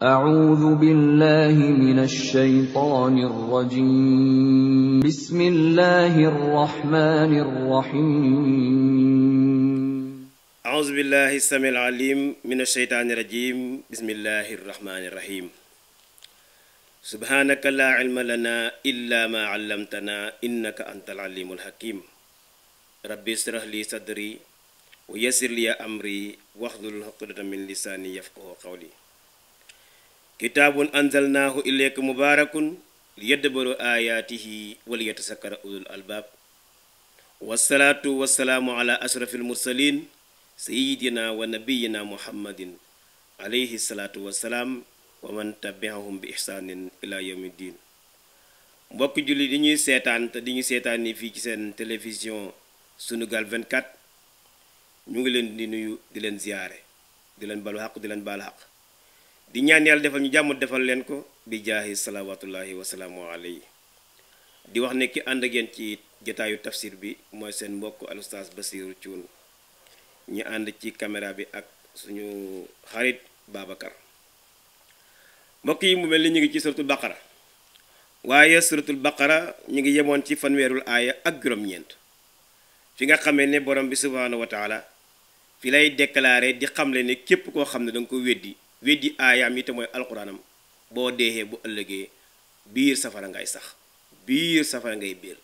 أعوذ بالله من الشيطان الرجيم بسم الله الرحمن الرحيم أعوذ بالله السميع العليم من الشيطان الرجيم بسم الله الرحمن الرحيم سبحانك لا علم لنا إلا ما علمتنا إنك أنت العليم الحكيم ربي اشرح لي صدري ويسر لي أمري واحلل عقدة من لساني يفقه قولي kitaabun anzalnaahu ilayka mubaarakun liyaddabbaru aayaatihi wa liyatazakkara ulul albaab wassalaatu wassalaamu ala ashrafil mursaliin sayyidina wa nabiyyina muhammadin alayhi wassalaam wa man bi ihsaanin ila yawmi diin mbokki julli di ñuy seetaan te di ñu seetaan fii ci seen télévision Sunugal 24 ñu ngi leen di nuyu di leen ziyaare di leen balu xaq di leen baalu xaq di ñaan yàlla defal ñu jàmm defal leen ko bi jaahi salawaatullahi wasalaamu alayhi di wax ne ki ànd ak yéen ci jotaayu tafsir bi mooy seen mbokk alustaz Basiru Cuun ñu ànd ci caméra bi ak suñu xarit Babacar mbokk yi mu mel ni ñu ngi ci suratul baqara waaye suratul baqara ñu ngi yemoon ci fanweerul aaya ak juróom-ñeent fi nga xamee ne borom bi subhaanahu wa taala fi lay déclaré di xam xamle ne képp koo xam ne da ko weddi weddi aayaam yi te mooy alxuraanam boo deexee bu ëllëgee biir safara ngay sax biir safara ngay biir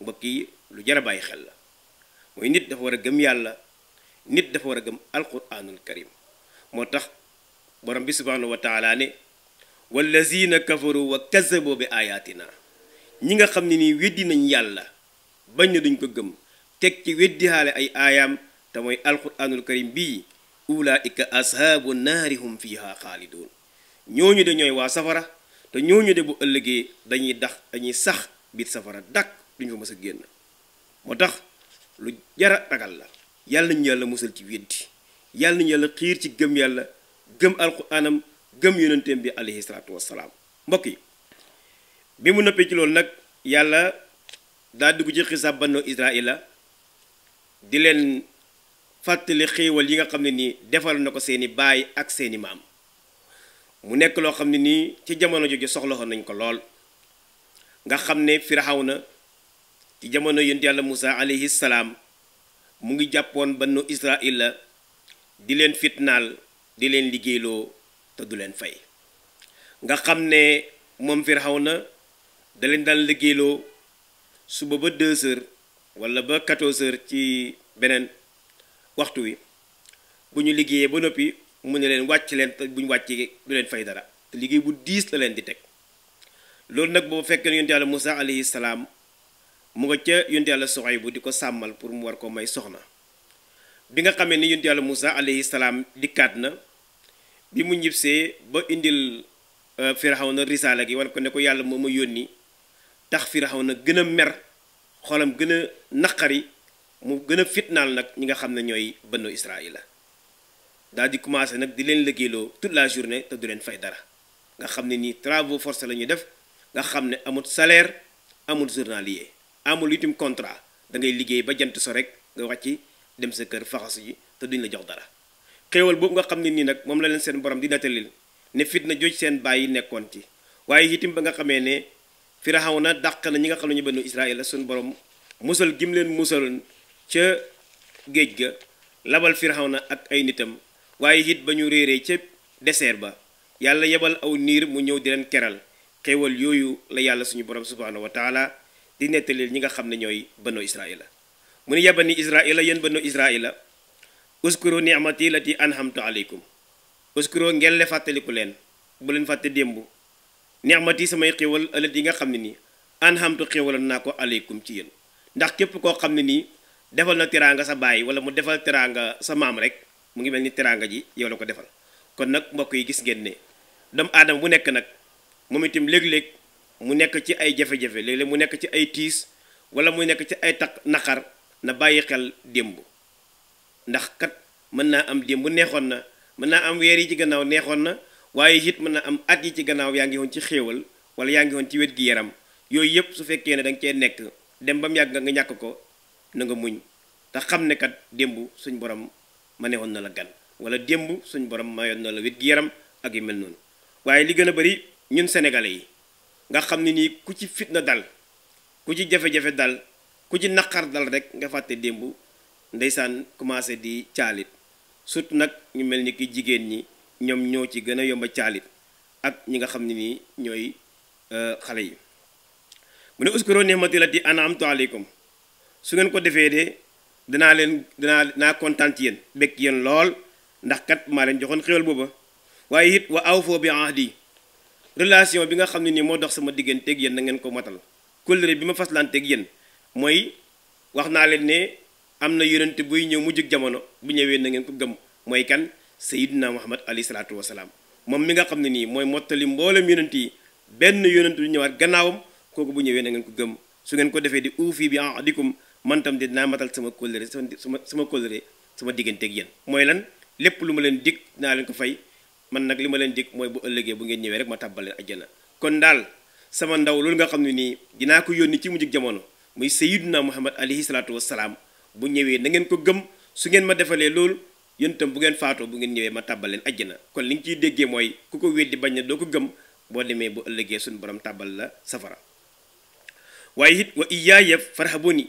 mbokk yi lu jar a bàyyi xel la mooy nit dafa war a gëm yàlla nit dafa war a gëm alquraanul karim moo tax borom bi subhaanahu wa taala ne wallazina kafaru wa kazabo bi ayatina ñi nga xam ne nii weddi nañ yàlla bañ na duñ ko gëm teg ci weddi xaale ay aayaam te mooy alquraanul karim bii ulaika ashaabu naari hum fiha xaaliduun ñooñu de ñooy waa safara te ñu de bu ëllëgee dañuy dax dañuy sax biir safara dakk duñu fa mës a génn moo tax lu jara ragal la yàlla nañu yàlla musal ci weddi yàlla nañu xiir ci gëm yàlla gëm alquraanam gëm yonenteem bi alayhi salaatu wassalaam mbokk yi bi mu noppee ci loolu nag yàlla daa dugg ci xisaab bannoo israila di leen fàttali xiiwal yi nga xam ne nii defal na ko seeni baay ak seeni maam mu nekk loo xam ne nii ci jamono jooju soxlaxoon nañ ko lool nga xam ne Firawna ci jamono yonent yàlla Musaa alayhi salaam mu ngi jàppoon banu Israil la di leen fitnaal di leen liggéeyloo te du leen fay nga xam ne moom na da leen daan liggéeyloo suba ba deux walla ba quatorze heures ci beneen waxtu wi bu ñu liggéeyee ba noppi mu ne leen wàcc leen te bu ñu wàccee du leen fay dara te liggéey bu diis la leen di teg loolu nag boobu fekkee ne yonte yàlla Moussa alayhi salaam mu nga ca yonte yàlla di ko sàmmal pour mu war ko may soxna bi nga xamee ni yonte yàlla Moussa alayhi salaam dikkaat na bi mu ñibsee ba indil euh, Firawna risaala gi wan ko ne ko yàlla moo ma yónni tax na gën a mer xolam gën a naqari mu gën a fitnaal nag ñi nga xam ne ñooy bënnu Israaïla daal di commencé nag di leen liggéeyloo toute la journée te du leen fay dara nga xam ne nii travaux forcés la ñuy def nga xam ne amut amul salaire amul journalier amul itam contrat da ngay liggéey ba jant so rek nga wax ci dem sa kër faxasu ji te duñ la jox dara xéewal boobu nga xam ne nii nag moom la leen seen borom di nettalil ne fitna jooj seen bàyyi nekkoon ci waaye itam ba nga xamee ne Firawna dàq na ñi nga xam ñu benn Israël la suñu borom musal gim leen musaloon ca géej ga labal Firawna ak ay nitam waaye it ba ñu réeree ca deseer ba yàlla yebal aw niir mu ñëw di leen keral xéewal yooyu la yàlla suñu borom subhaanahu wa taala di nettaleel ñi nga xam ne ñooy banu israila mu ne ni yabani israila yéen banu israila uskuru ni'mati lati anhamtu aleykum uskuru ngeen le fàttaliku leen bu leen fàtte démb ni'mati samay xéewal ëllëg yi nga xam ne ni anhamtu xéewaloon naa ko aleykum ci yéen ndax képp koo xam ne nii defal na teraanga sa baay wala mu defal teraanga sa maam rek mu ngi mel ni teraanga ji yow la ko defal kon nag mbokk yi gis ngeen ne doomu aadama bu nekk nag moom itim léeg-léeg mu nekk ci ay jafe-jafe léeg-léeg mu nekk ci ay tiis wala mu nekk ci ay takk naqar na bàyyi xel démb ndax kat mën naa am démb neexoon na mën naa am weer yi ci gannaaw neexoon na waaye it mën naa am at yi ci gannaaw yaa ngi woon ci xéewal wala yaa ngi woon ci wet gi yaram yooyu yëpp su fekkee ne da cee nekk dem ba mu yàgg nga ñàkk ko na nga muñ te xam ne kat démb suñ borom ma ne woon na la gan wala démb suñ borom mayoon na la wét gi yaram ak yu mel noonu waaye li gën a bari ñun sénégalais yi nga xam ni nii ku ci fitna dal ku ci jafe-jafe dal ku ci naqar dal rek nga fàtte démb ndeysaan commencé di caalit surtout nag ñu mel ni ki jigéen ñi ñoom ñoo ci gën a yomba caalit ak ñi nga xam ni nii ñooy euh, xale yi mu ne uskuru ni'mati lati an'amtu aleykum su ngeen ko defee de danaa leen danaa dinaa kontaan ci yéen bekk yéen lool ndax kat maa leen joxoon xéwal booba waaye it wa awfoo bi ahdi relation bi nga xam ne nii moo dox sama digganteeg yéen na ngeen ko matal kóllëre bi ma faslanteeg yéen mooy wax naa leen ne am na yonent buy ñëw mujj jamono bu ñëwee na ngeen ko gëm mooy kan sayidina muhammad alayhi salaatu wasalaam moom mi nga xam ne nii mooy mottali mboolem yonent yi benn yonent du ñëwaat gannaawam kooku bu ñëwee na ngeen ko gëm su ngeen ko defee di uufi bi ahdikum man tam de dinaa matal sama kóllëre sama sama kóllëre sama digganteeg yéen mooy lan lépp lu ma leen dig naa leen ko fay man nag li ma leen dig mooy bu ëllëgee bu ngeen ñëwee rek ma tàbbal leen ajjana kon daal sama ndaw loolu nga xam ne nii dinaa ko yónni ci mujj jamono muy sayyiduna muhammad alayhi salaatu wasalaam bu ñëwee na ngeen ko gëm su ngeen ma defalee loolu yéen bu ngeen faatoo bu ngeen ñëwee ma tàbbal leen ajjana kon li nga ciy déggee mooy ku ko weddi bañ na doo ko gëm boo demee bu ëllëgee suñu borom tàbbal la safara waaye it wa iyaaya farhabuni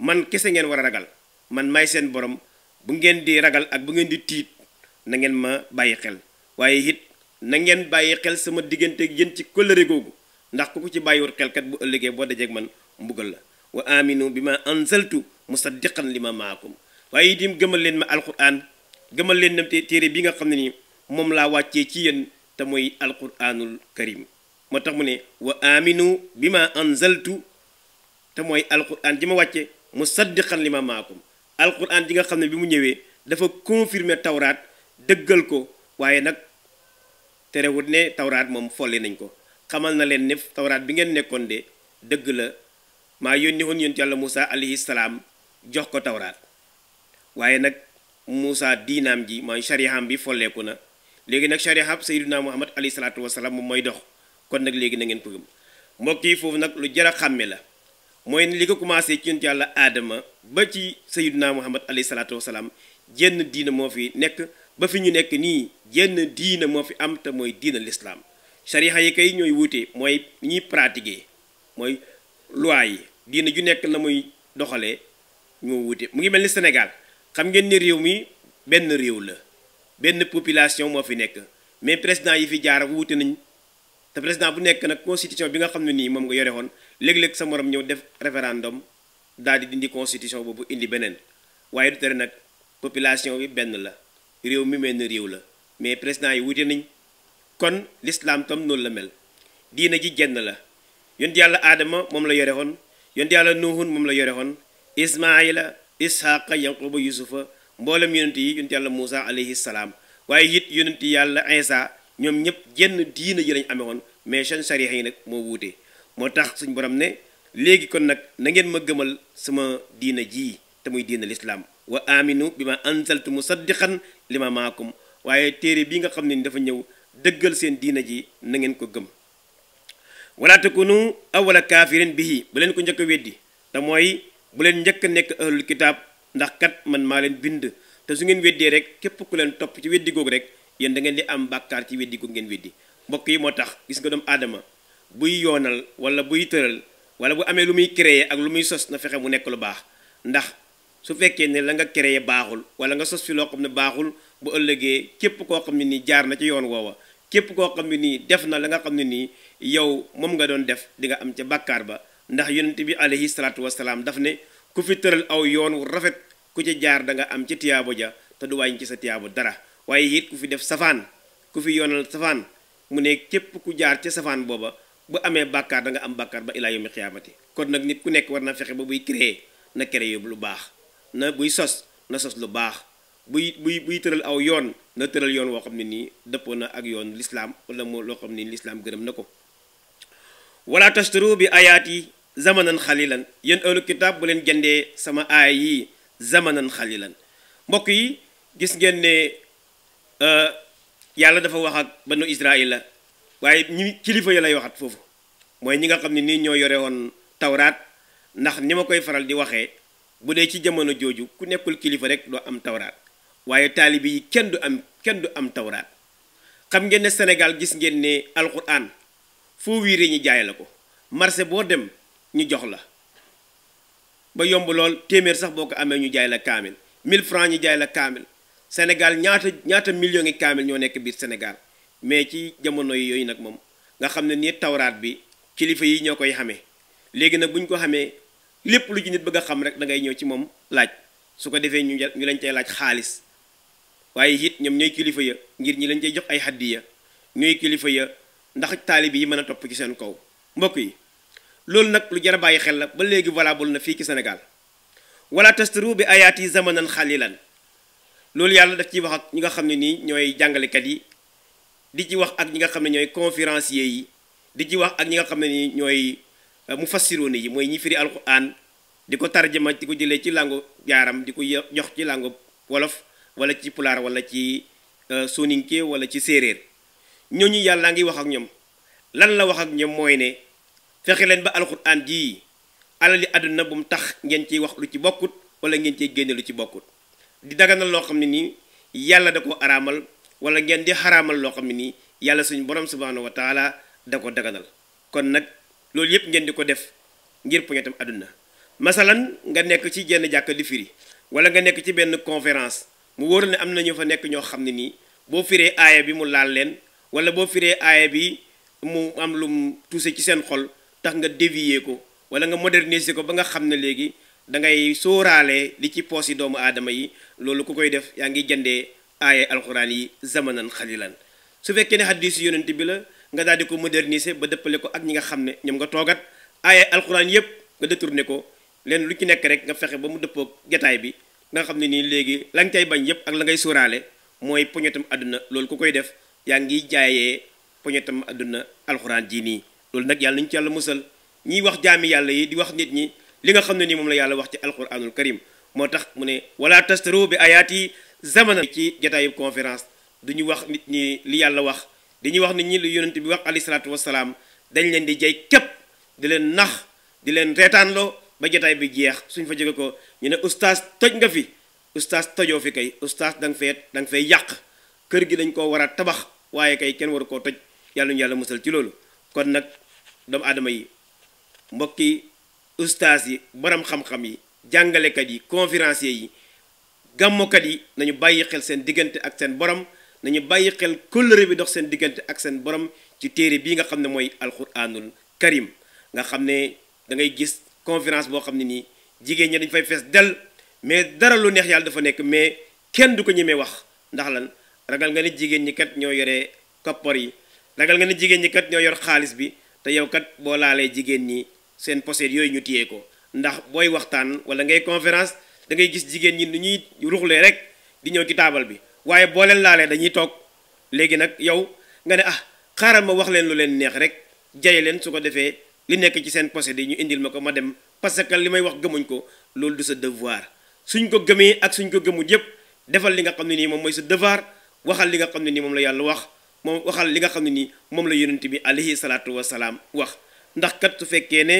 man kese ngeen war a ragal man may seen borom bu ngeen di ragal ak bu ngeen di tiit na ngeen ma bàyyi xel waaye it na ngeen bàyyi xel sama diggante yéen ci kóllëre googu ndax ku ko ci bàyyiwul xelkat bu ëllëgee boo dajeeg man mbugal la wa aminu bi ma anzaltu musaddiqan li ma maakum waaye itam gëmal leen ma alquran gëmal leen nam téere bi nga xam ne ni moom laa wàccee ci yéen te mooy alquranul karim moo tax mu ne wa aminu bi ma anzaltu te mooy alquran ji ma wàcce musaddiqan lima maakum alquran ji nga xam ne bi mu ñëwee dafa confirmer tawraat dëggal ko waaye nag terewut ne tawraat moom folli nañ ko xamal na leen ne tawraat bi ngeen nekkoon de dëgg la maa yónni woon yonent yàlla Moussa alayhi salaam jox ko tawraat waaye nag Moussa diinaam ji mooy sharihaam bi folleeku na léegi nag sharihaam sayyiduna Muhammad alayhi salaatu wasalaam moom mooy dox kon nag léegi na ngeen ko gëm mbokk foofu nag lu jar a xàmme la mooy li ko commencé ci yonent yàlla aadama ba ci sayyiduna muhammad alayhi salaatu wasalaam jenn diina moo fi nekk ba fi ñu nekk nii jenn diina moo fi am te mooy diina lislaam sarixa yi kay ñooy wuute mooy ñuy pratiquer mooy loi yi diina ju nekk na muy doxalee ñoo wuute mu ngi mel ni Sénégal xam ngeen ni réew mi benn réew la benn population moo fi nekk mais président yi fi jaar wuute nañ te président bu nekk nag constitution bi nga xam ne nii moom nga yore woon léeg-léeg sa morom ñëw def référendum daal di dindi constitution boobu indi beneen waaye du tere nag population bi benn la réew mi mel ni réew la mais président yi wute nañ kon l'islam tam noonu la mel diina ji jenn la yonent yàlla aadama moom la yore woon yonent yàlla nuuhun moom la yore woon ismaila ishaqa yanquba yusufa mboolem yonent yi yonent yàlla moussa alayhi salaam waaye it yonent yàlla insa ñoom ñëpp jenn diina ji lañ amee woon mais seen sariya yi nag moo wuute moo tax suñ borom ne léegi kon nag na ngeen ma gëmal sama diina ji te muy diina lislaam wa aminu bi ma mu musaddiqan li ma maakum waaye téere bi nga xam ne ni dafa ñëw dëggal seen diina ji na ngeen ko gëm wala takunu awala kaafirin bihi bu leen ko njëkk a weddi te mooy bu leen njëkk nekk ahlul kitaab ndax kat man maa leen bind te su ngeen weddee rek képp ku leen topp ci weddi googu rek yéen da ngeen di am bàkkaar ci weddi gu ngeen weddi mbokk yi moo tax gis nga doomu aadama buy yoonal wala buy tëral wala bu amee lu muy créer ak lu muy sos na fexe mu nekk lu baax ndax su fekkee ne la nga créer baaxul wala nga sos fi loo xam ne baaxul bu ëllëgee képp koo xam ne nii jaar na ci yoon woowa képp koo xam ne nii def na la nga xam ne nii yow moom nga doon def di nga am ca bàkkaar ba ndax yonent bi alayhi salaatu wasalaam daf ne ku fi aw yoon wu rafet ku ci jaar da nga am ci tiyaabo ja te du wàññi ci sa dara waaye it ku fi def safaan ku fi yoonal safaan mu ne képp ku jaar ca safaan booba bu amee bàkkaar danga am bàkkaar ba ilaa yawmi xiyaamati kon nag nit ku nekk war na fexe ba buy créer na créer lu baax na buy sos na sos lu baax buy buy buy tëral aw yoon na tëral yoon woo xam ne nii dëppoo na ak yoon lislaam wala moo loo xam ne nii lislaam gërëm na ko wala tashtaru bi ayaat yi zamanan lan yéen ahlu kitaab bu leen jëndee sama aay yi zamanan xalilan Euh, yàlla dafa wax ak banu Israil la waaye ñi kilifa ya lay waxat foofu mooy ñi nga xam ne nii ñoo yore woon tawraat ndax ni ma koy faral di waxee bu dee ci jamono jooju ku nekkul kilifa rek doo am tawraat waaye taalibi yi kenn du am kenn du am tawraat xam ngeen senegal gis ngeen ni alquran foo wiire ñi jaay la ko marché boo dem ñu jox la ba yomb lool téeméer sax boo ko amee ñu jaay la kaamil 1000 francs ñu jaay la kaamil Sénégal ñaata ñaata millions ngi kaamil ñoo nekk biir Sénégal mais ci jamono yi yooyu nag moom nga xam ne nii tawraat bi kilifa yi ñoo koy xamee léegi nag bu ñu ko xamee lépp lu ci bëgg a xam rek da ngay ñëw ci moom laaj su ko defee ñu ñu lañ cay laaj xaalis waaye it ñoom ñooy kilifa ya ngir ñi lañ cay jox ay hadiya ñooy kilifa ya ndax taalib yi mën a topp ci seen kaw mbokk yi loolu nag lu jar a bàyyi xel la ba léegi valable na fii ci Sénégal wala tastaru bi ayaati zamanan xalilan loolu yàlla daf ciy wax ak ñi nga xam ne nii ñooy jàngalekat yi di ci wax ak ñi nga xam ne ñooy conférenciers yi di ci wax ak ñi nga xam ne nii ñooy euh, mufassiroone yi mooy ñi firi alquran di ko tarjama di ko jëlee ci làngu jaaram di ko jox ci làngu wolof wala ci pulaar wala ci euh, soninke wala ci séeréer ñooñu yàlla ngi wax ak ñoom lan la wax ak ñoom mooy ne fexe leen ba alquran jii alali àdduna bu mu tax ngeen ciy wax lu ci bokkut wala ngeen ciy génne lu ci bokkut di daganal loo xam ne nii yàlla da ko araamal wala ngeen di xaraamal loo xam ne nii yàlla suñu borom subhaanahu wa taala da ko daganal kon nag loolu yëpp ngeen di ko def ngir poñetam àdduna masalan nga nekk ci genn jàkka di firi wala nga nekk ci benn conférence mu wóor ne am na ñu fa nekk ñoo xam ne nii boo firee aaya bi mu laal leen wala boo firee aaya bi mu am lu mu ci seen xol tax nga dévier ko wala nga moderniser ko ba nga xam ne léegi da ngay sóoraale li ci poos yi doomu aadama yi loolu ku koy def yaa ngi jëndee aaye alxuraan yi zamanan xalilan su fekkee ne xaddiis yonent bi la nga daal di ko moderniser ba dëppale ko ak ñi nga xam ne ñoom nga toogat aaye alxuraan yépp nga détourné ko leen lu ci nekk rek nga fexe ba mu dëppook jataay bi nga xam ne nii léegi la nga cay bañ yépp ak la ngay sóoraale mooy poñetam àdduna loolu ko koy def yaa ngi jaayee poñetam àdduna alxuraan jii nii loolu nag yàlla nañu ci yàlla musal ñiy wax jaami yàlla yi di wax nit ñi li nga xam ne nii moom la yàlla wax ci alquranul karim moo tax mu ne wala tastaru bi ayaat yi zamana ci jataayu du ñu wax nit ñi li yàlla wax dañuy wax nit ñi lu yonent bi wax alayhi salaatu wasalaam dañ leen di jay képp di leen nax di leen reetaanloo ba jataay bi jeex suñ fa jóge ko ñu ne oustaz toj nga fi oustaz tojoo fi kay oustaz danga nga fee da nga fay yàq kër gi dañ koo war a tabax waaye kay kenn waru koo toj yàlla ñu yàlla musal ci loolu kon nag doomu yi ustaas yi baram xam-xam yi jàngalekat yi conférencier yi gàmmukat yi nañu bàyyi xel seen diggante ak seen borom nañu bàyyi xel kóllëre bi dox seen diggante ak seen borom ci téere bi nga xam ne mooy alquranul karim nga xam ne da ngay gis conférence boo xam ne nii jigéen ñi dañ fay fees del mais dara lu neex yàlla dafa nekk mais kenn du ko ñemee wax ndax lan ragal nga ne jigéen ñi kat ñoo yore koppar yi ragal nga ne jigéen ñi kat ñoo yor xaalis bi te yow kat boo laalee jigéen ñi seen poseet yooyu ñu téye ko ndax booy waxtaan wala ngay conférence da ngay gis jigéen ñi nu ñuy ruxlee rek di ñëw ci taabal bi waaye boo leen laalee dañuy toog léegi nag yow nga ne ah xaaral ma wax leen lu leen neex rek jaye leen su ko defee li nekk ci seen poseet yi ñu indil ma ko ma dem parce que li may wax gëmuñ ko loolu du sa devoir suñ ko gëmee ak suñ ko gëmul yépp defal li nga xam ne nii moom mooy sa devoir waxal li nga xam ne nii moom la yàlla wax moom waxal li nga xam ne nii moom la yonent bi alayhi salaatu wasalaam wax ndax kat su fekkee ne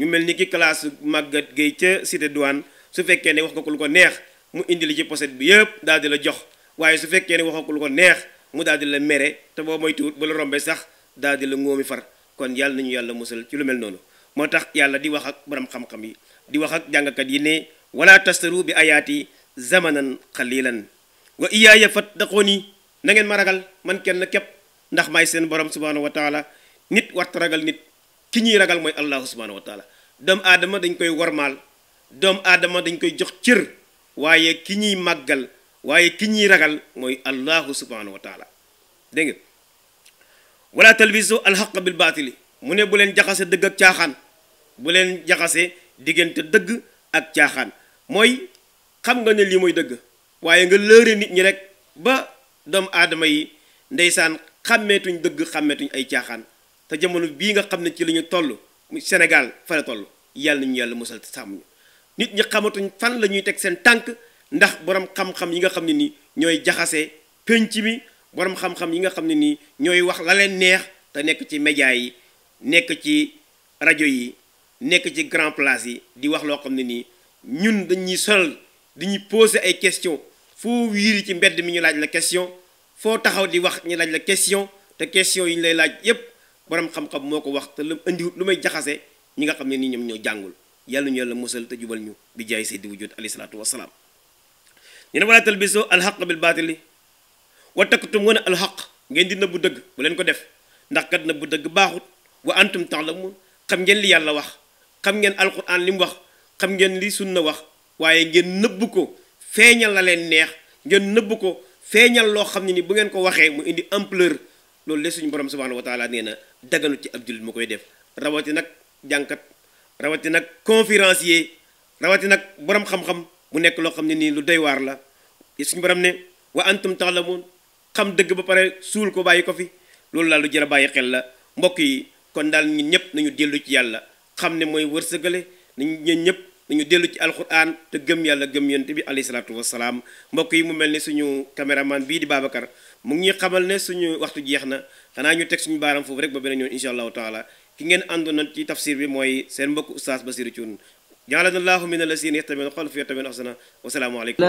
ñu mel ni ki classe màggat gay ca cité douane su fekkee ne wax nga ko lu ko neex mu indi li ci poset bi yëpp daal di la jox waaye su fekkee ne wax ko lu ko neex mu daal di la mere te boo moytuwut ba la rombee sax daal di la ngóomi far kon yàlla nañu yàlla musal ci lu mel noonu moo tax yàlla di wax ak borom xam-xam yi di wax ak jàngakat yi ne wala tastaru bi ayaati zamanan xalilan wa iyaaya fattaquni na ngeen ma ragal man kenn képp ndax maay seen borom subhanahu wa taala nit warta ragal nit ki ñuy ragal mooy allahu subhanahu wa taala doomu aadama dañ koy warmaal doomu aadama dañ koy jox cër waaye ki ñuy màggal waaye ki ñuy ragal mooy allahu subhanahu wa dégg nga wala talbisu alxaq bil baatili mu ne bu leen jaxase dëgg ak caaxaan bu leen jaxasee diggante dëgg ak caaxaan mooy xam nga ne lii mooy dëgg waaye nga lëre nit ñi rek ba doomu aadama yi ndeysaan xàmmeetuñ dëgg xàmmeetuñ ay caaxaan te jamono bii nga xam ne ci la ñu toll Sénégal fa la yàlla nañu yàlla musal sàmm ñu nit ñi xamatuñ fan la ñuy teg seen tànk ndax borom xam-xam yi nga xam ne nii ñooy jaxase penc mi borom xam-xam yi nga xam ne nii ñooy wax la leen neex te nekk ci média yi nekk ci rajo yi nekk ci grand place yi di wax loo xam ne nii ñun dañuy solal dañuy poser ay question foo wiiri ci mbedd mi ñu laaj la question foo taxaw di wax ñu laaj la question te question yi ñu lay laaj yépp borom xam-xam moo ko wax te lu indiwut lu may jaxase ñi nga xam ne nii ñoom ñoo jàngul yàlla ñu yàlla musal te jubal ñu bi jaay saydi wujud alayhi salaatu wasalaam ñu ne wala talbisu alxaq bil baatili wa taktumuna alxaq ngeen di nëbbu dëgg bu leen ko def ndax kat nëbbu dëgg baaxut wa antum ta'lamun xam ngeen li yàlla wax xam ngeen alquran li mu wax xam ngeen li sunna wax waaye ngeen nëbbu ko feeñal la leen neex ngeen nëbbu ko feeñal loo xam ne ni bu ngeen ko waxee mu indi ampleur loolu le suñu borom subhanahu wa taala na daganu ci ab jullit mu koy def rawati nag jànkat rawati nag conférencier rawati nag borom xam-xam nekk loo xam ne nii lu doy la suñu borom ne wa antum taalamun xam dëgg ba pare suul ko bàyyi ko fi loolu daal lu jër a bàyyi xel la mbokk yi kon daal ñun ñëpp nañu dellu ci yàlla xam ne mooy wërsëgale nañu ñun ñëpp nañu dellu ci alquran te gëm yàlla gëm yonent bi alayhi salaatu mbokk yi mu mel ni suñu caméraman bii di Babacar mu ngi ñuy xamal ne suñu waxtu jeex na xanaa ñu teg suñu baaram foofu rek ba beneen yoon incha allahu taala ki ngeen àndoon ci tafsir bi mooy seen mbokk oustaz Basiru Cuun jaalana allahu min alazina yattabina xol fi yattabina ahsana wasalaamu aleykum